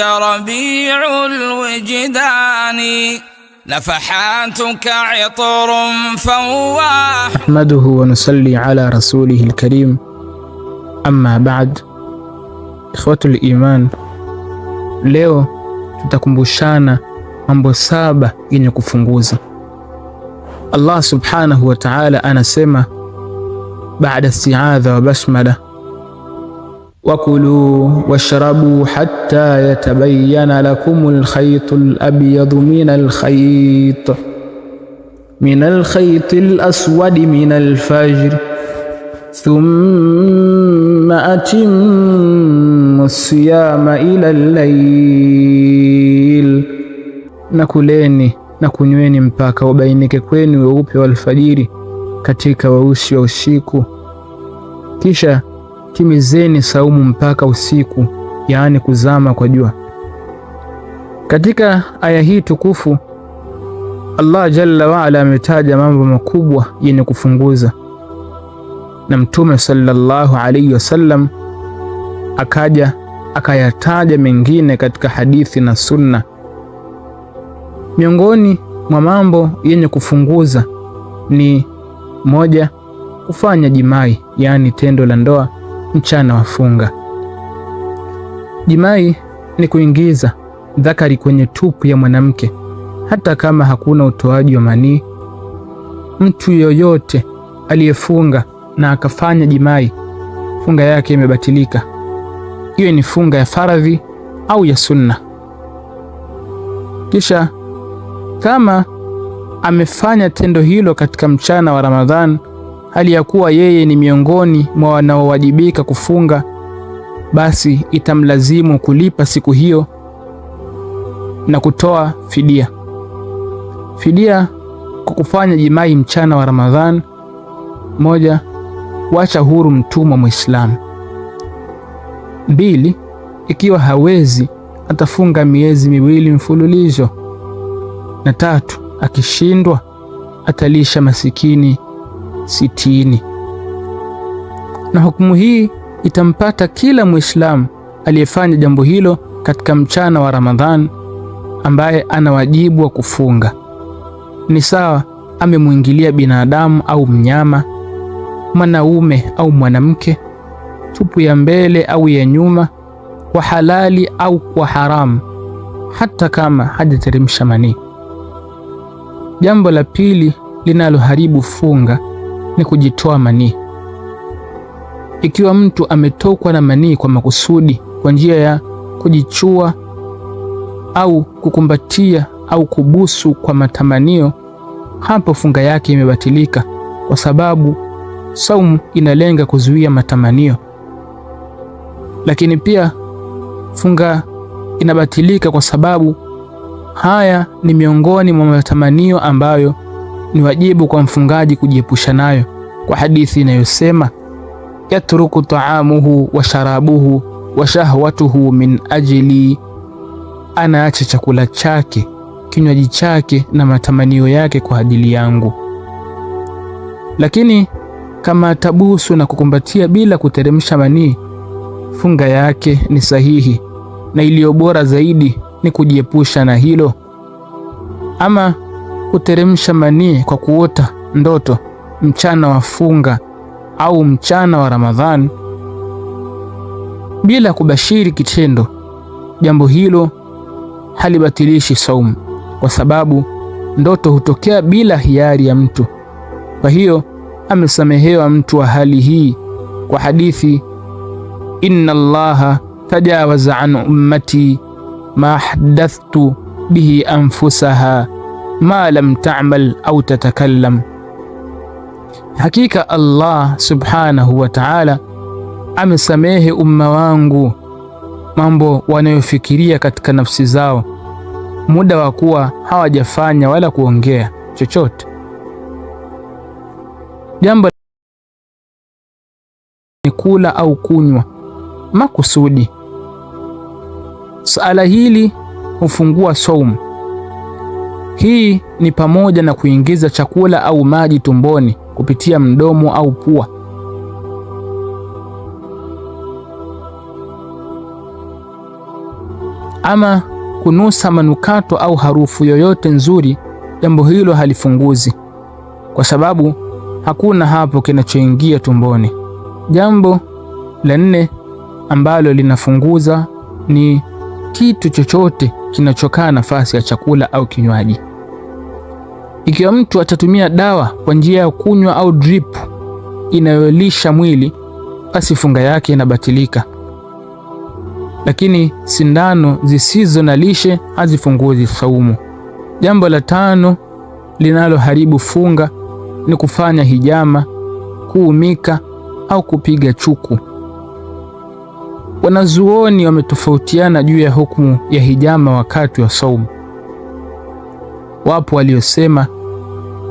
ربيع الوجدان نفحاتك عطر فواح نحمده ونصلي على رسوله الكريم أما بعد إخوة الإيمان leo tutakumbushana mambo saba yenye kufunguza Allah subhanahu wa ta'ala anasema baada isti'adha wa basmala وكلوا واشربوا حتى يتبين لكم الخيط الأبيض من الخيط من الخيط الأسود من الفجر ثم أتم الصيام إلى الليل نكليني نكنيني مباكا وبينك كويني ubainike kwenu weupe wa alfajiri katika weusi wa usiku kisha timizeni saumu mpaka usiku, yaani kuzama kwa jua. Katika aya hii tukufu Allah jalla waala ametaja mambo makubwa yenye kufunguza, na Mtume sallallahu alaihi wasallam akaja akayataja mengine katika hadithi na sunna. Miongoni mwa mambo yenye kufunguza ni moja, kufanya jimai, yaani tendo la ndoa; mchana wa funga Jimai ni kuingiza dhakari kwenye tupu ya mwanamke, hata kama hakuna utoaji wa manii. Mtu yoyote aliyefunga na akafanya jimai, funga yake imebatilika, iwe ni funga ya faradhi au ya sunna. Kisha kama amefanya tendo hilo katika mchana wa Ramadhani hali ya kuwa yeye ni miongoni mwa wanaowajibika kufunga, basi itamlazimu kulipa siku hiyo na kutoa fidia. Fidia kwa kufanya jimai mchana wa Ramadhani. Moja, wacha huru mtumwa Mwislamu. Mbili, ikiwa hawezi atafunga miezi miwili mfululizo. Na tatu, akishindwa atalisha masikini sitini. Na hukumu hii itampata kila Muislamu aliyefanya jambo hilo katika mchana wa Ramadhan, ambaye ana wajibu wa kufunga. Ni sawa amemwingilia binadamu au mnyama, mwanaume au mwanamke, tupu ya mbele au ya nyuma, kwa halali au kwa haramu, hata kama hajateremsha manii. Jambo la pili linaloharibu funga ni kujitoa manii. Ikiwa mtu ametokwa na manii kwa makusudi, kwa njia ya kujichua au kukumbatia au kubusu kwa matamanio, hapo funga yake imebatilika, kwa sababu saumu inalenga kuzuia matamanio. Lakini pia funga inabatilika kwa sababu haya ni miongoni mwa matamanio ambayo ni wajibu kwa mfungaji kujiepusha nayo kwa hadithi inayosema yatruku taamuhu wa sharabuhu wa shahwatuhu min ajli anaacha chakula chake kinywaji chake na matamanio yake kwa ajili yangu. Lakini kama tabusu na kukumbatia bila kuteremsha manii, funga yake ni sahihi na iliyo bora zaidi ni kujiepusha na hilo. Ama huteremsha manii kwa kuota ndoto mchana wa funga au mchana wa Ramadhani bila kubashiri kitendo. Jambo hilo halibatilishi saumu, kwa sababu ndoto hutokea bila hiari ya mtu. Kwa hiyo amesamehewa mtu wa hali hii kwa hadithi inna Allaha tajawaza an ummati ma hadathtu bihi anfusaha ma lam ta'mal au tatakallam. Hakika Allah subhanahu wa ta'ala amesamehe umma wangu mambo wanayofikiria katika nafsi zao muda wa kuwa hawajafanya wala kuongea chochote. Jambo ni kula au kunywa makusudi. Suala hili hufungua saumu hii ni pamoja na kuingiza chakula au maji tumboni kupitia mdomo au pua. Ama kunusa manukato au harufu yoyote nzuri, jambo hilo halifunguzi kwa sababu hakuna hapo kinachoingia tumboni. Jambo la nne ambalo linafunguza ni kitu chochote kinachokaa nafasi ya chakula au kinywaji. Ikiwa mtu atatumia dawa kwa njia ya kunywa au drip inayolisha mwili, basi funga yake inabatilika, lakini sindano zisizo na lishe hazifunguzi saumu. Jambo la tano linaloharibu funga ni kufanya hijama, kuumika au kupiga chuku. Wanazuoni wametofautiana juu ya hukumu ya hijama wakati wa saumu. Wapo waliosema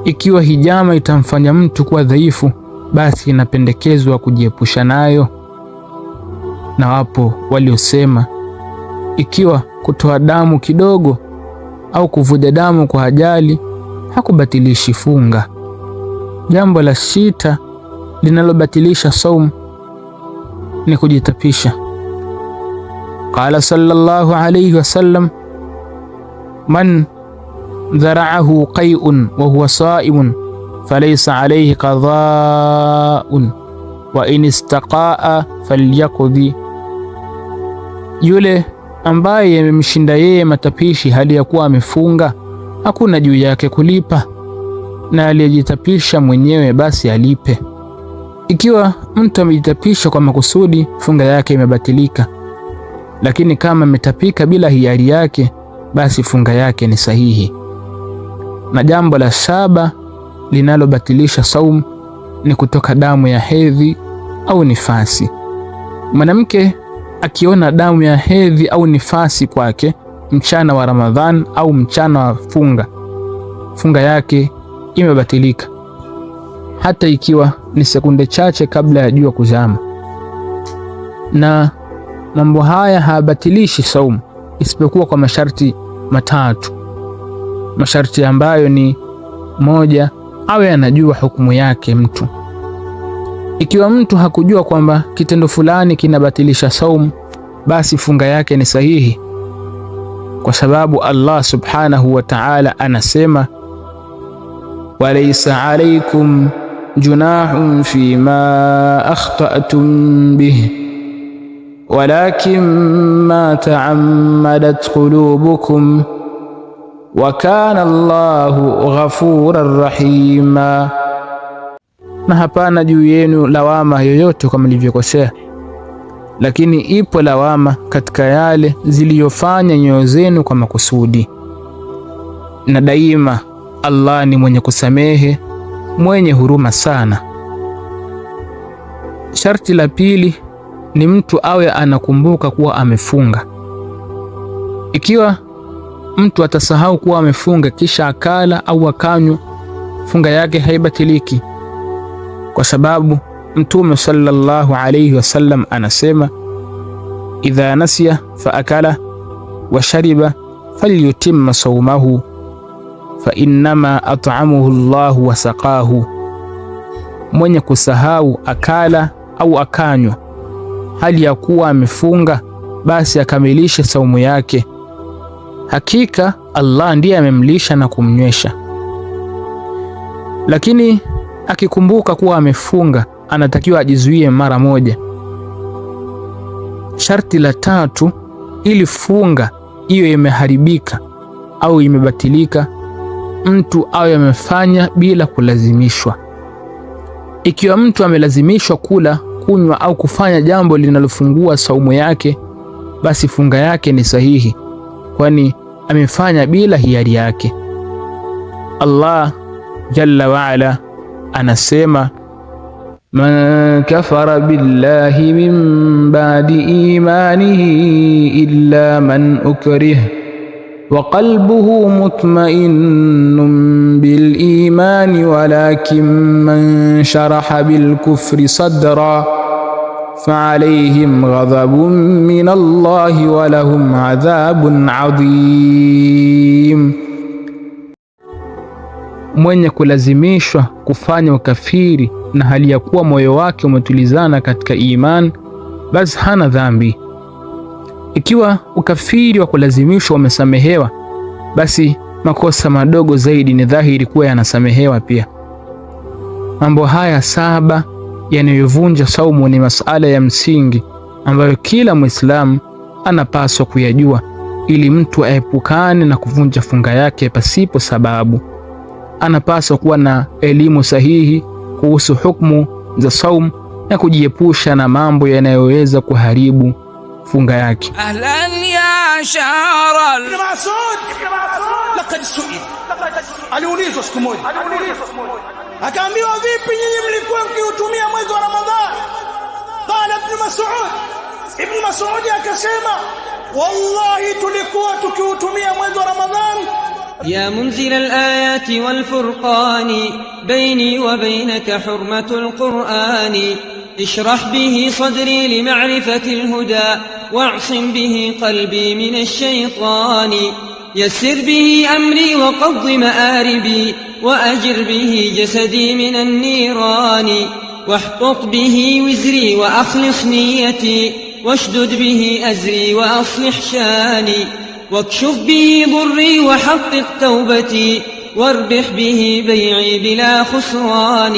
ikiwa hijama itamfanya mtu kuwa dhaifu, basi inapendekezwa kujiepusha nayo. Na wapo waliosema ikiwa kutoa damu kidogo au kuvuja damu kwa ajali hakubatilishi funga. Jambo la sita linalobatilisha saumu ni kujitapisha. Qala sallallahu alayhi wasallam man dharaahu qai'un wa huwa saimun falaysa alayhi qada'un wa in istaqaa falyaqdi, yule ambaye yamemshinda yeye matapishi hali ya kuwa amefunga, hakuna juu yake kulipa, na aliyejitapisha mwenyewe basi alipe. Ikiwa mtu amejitapisha kwa makusudi, funga yake imebatilika, lakini kama ametapika bila hiari yake, basi funga yake ni sahihi. Na jambo la saba linalobatilisha saumu ni kutoka damu ya hedhi au nifasi. Mwanamke akiona damu ya hedhi au nifasi kwake mchana wa Ramadhan au mchana wa funga, funga yake imebatilika, hata ikiwa ni sekunde chache kabla ya jua kuzama. Na mambo haya hayabatilishi saumu isipokuwa kwa masharti matatu masharti ambayo ni moja, awe anajua hukumu yake mtu. Ikiwa mtu hakujua kwamba kitendo fulani kinabatilisha saumu, basi funga yake ni sahihi, kwa sababu Allah subhanahu wa ta'ala anasema walaysa alaykum junahun fi ma akhtatum bihi walakin ma ta'ammadat qulubukum wa kana Allahu ghafuran rahima, na hapana juu yenu lawama yoyote kama mlivyokosea, lakini ipo lawama katika yale ziliyofanya nyoyo zenu kwa makusudi. Na daima Allah ni mwenye kusamehe, mwenye huruma sana. Sharti la pili ni mtu awe anakumbuka kuwa amefunga. Ikiwa mtu atasahau kuwa amefunga kisha akala au akanywa, funga yake haibatiliki, kwa sababu Mtume sallallahu alayhi wasallam anasema, idha nasiya fa akala wa shariba falyutimma saumahu fa innama at'amahu Allahu wa saqahu, mwenye kusahau akala au akanywa hali ya kuwa amefunga, basi akamilishe saumu yake Hakika Allah ndiye amemlisha na kumnywesha, lakini akikumbuka kuwa amefunga anatakiwa ajizuie mara moja. Sharti la tatu, ili funga iyo imeharibika au imebatilika, mtu awe amefanya bila kulazimishwa. Ikiwa mtu amelazimishwa kula, kunywa au kufanya jambo linalofungua saumu yake, basi funga yake ni sahihi. kwani amefanya bila hiari yake. Allah jalla waala anasema man kafara billahi min ba'di imanihi illa man ukrih wa qalbuhu mutma'innun bil imani walakin man sharaha bil kufri sadra faalayhim ghadhabun min Allahi wa lahum adhabun adhim, mwenye kulazimishwa kufanya ukafiri na hali ya kuwa moyo wake umetulizana katika imani, basi hana dhambi. Ikiwa ukafiri wa kulazimishwa umesamehewa, basi makosa madogo zaidi ni dhahiri kuwa yanasamehewa pia. Mambo haya saba yanayovunja saumu ni masala ya msingi ambayo kila Mwislamu anapaswa kuyajua ili mtu aepukane na kuvunja funga yake pasipo sababu. Anapaswa kuwa na elimu sahihi kuhusu hukumu za saumu na kujiepusha na mambo yanayoweza kuharibu funga yake. Ahlan ya laqad suil, aliulizwa siku moja akaambiwa vipi nyinyi mlikuwa mkiutumia mwezi wa Ramadhani qala ibn Mas'ud ibn Mas'ud akasema wallahi tulikuwa tukiutumia mwezi wa Ramadhani يا منزل الآيات والفرقان بيني وبينك حرمة القرآن اشرح به صدري لمعرفة الهدى واعصم به قلبي من الشيطان يسر به أمري وقض مآربي وأجر به جسدي من النيران واحقق به وزري وأخلص نيتي واشدد به أزري وأصلح شاني واكشف به ضري وحقق توبتي واربح به بيعي بلا خسران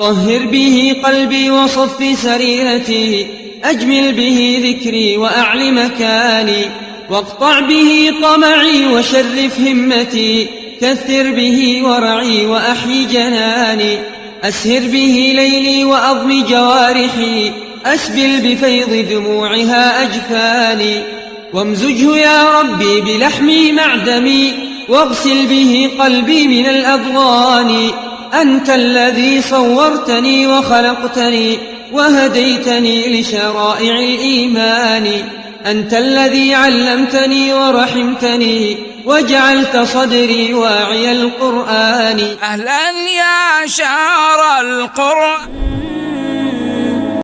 طهر به قلبي وصف سريرتي أجمل به ذكري وأعل مكاني واقطع به طمعي وشرف همتي كثر به ورعي وأحي جناني أسهر به ليلي وأضم جوارحي أسبل بفيض دموعها أجفاني وامزجه يا ربي بلحمي معدمي واغسل به قلبي من الأضغان أنت الذي صورتني وخلقتني وهديتني لشرائع الإيمان أنت الذي علمتني ورحمتني وجعلت صدري واعي القرآن أهلا يا شعر القرآن